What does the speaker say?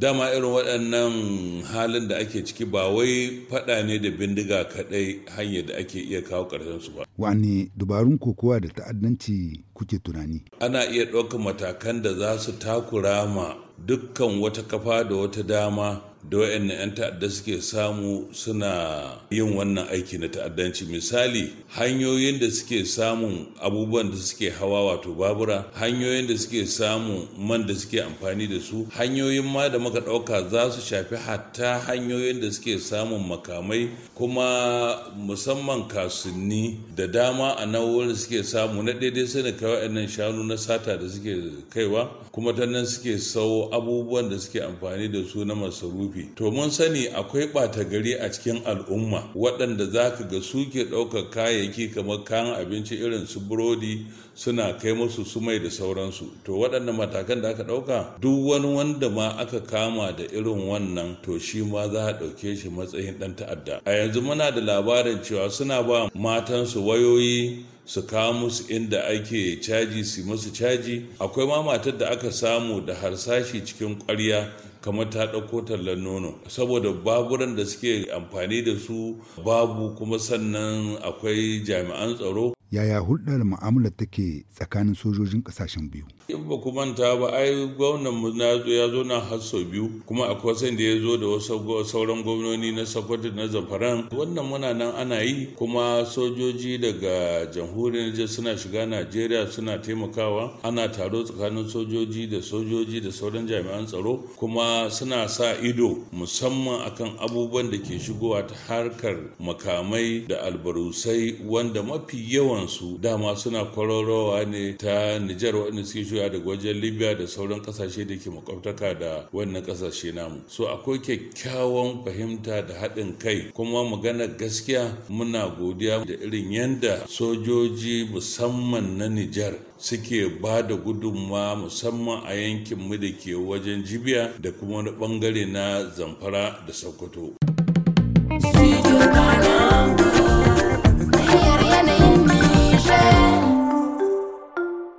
dama irin waɗannan halin da ake ciki ba wai faɗa ne da bindiga kaɗai hanyar da ake iya kawo su ba. Wani dubarun kokowa da ta'addanci kuke tunani? Ana iya ɗaukar matakan da za su takura ma dukkan wata kafa da wata dama da wayannan 'yan ta'adda suke samu suna yin wannan aiki na ta'addanci misali hanyoyin da suke samun abubuwan da suke hawa wato babura hanyoyin da suke samun man da suke amfani da su hanyoyin ma da muka ɗauka za su shafi hatta hanyoyin da suke samun makamai kuma musamman kasunni da dama a nan da suke samu na daidai sani kai wa'annan shanu na sata da suke kaiwa kuma ta nan suke sau abubuwan da suke amfani da su na masarufi rufe to mun sani akwai ɓata gari a cikin al'umma waɗanda za ka ga suke ɗaukar kayayyaki kamar kayan abinci irin su burodi suna kai musu su mai da sauransu to waɗannan matakan da aka ɗauka duk wani wanda ma aka kama da irin wannan to shi ma za a ɗauke shi matsayin ɗan ta'adda a yanzu muna da labarin cewa suna ba matansu wayoyi su kawo musu inda ake caji su musu caji akwai ma matar da aka samu da harsashi cikin kwarya kamar ta ɗauko tallar nono saboda baburan da suke amfani da su babu kuma sannan akwai jami'an tsaro yaya hulɗar mu'amalar take tsakanin sojojin ƙasashen biyu. in ba ku manta ba ai gwamnan mu na ya zo na har sau biyu kuma a kwasan da ya zo da wasu sauran gwamnoni na sokoto na zafaran wannan muna nan ana yi kuma sojoji daga jamhuriyar Nijar suna shiga najeriya suna taimakawa ana taro tsakanin sojoji da sojoji da sauran jami'an tsaro kuma suna sa ido musamman akan abubuwan da ke shigowa ta harkar makamai da albarusai wanda mafi yawan yawansu dama suna kwararowa ne ta Nijar waɗanda suke shiga daga wajen Libya da sauran ƙasashe da ke makwabtaka da wannan ƙasashe namu. So akwai kyakkyawan fahimta da haɗin kai kuma magana gaskiya muna godiya da irin yanda sojoji musamman na Nijar suke ba da gudunma musamman a yankin mu da ke wajen jibiya da kuma wani bangare na zamfara da sokoto.